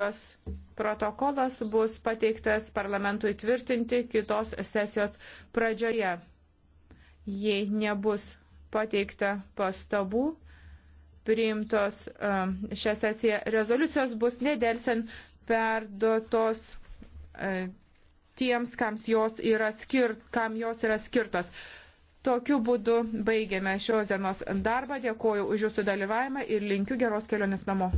Jos protokolas bus pateiktas parlamentui tvirtinti kitos sesijos pradžioje. Jei nebus pateikta pastabų, priimtos um, šią sesiją rezoliucijos bus nedelsiant perduotos e, tiems, jos skirt, kam jos yra skirtos. Tokiu būdu baigiame šios dienos darbą. Dėkuoju už jūsų dalyvavimą ir linkiu geros kelionės namo.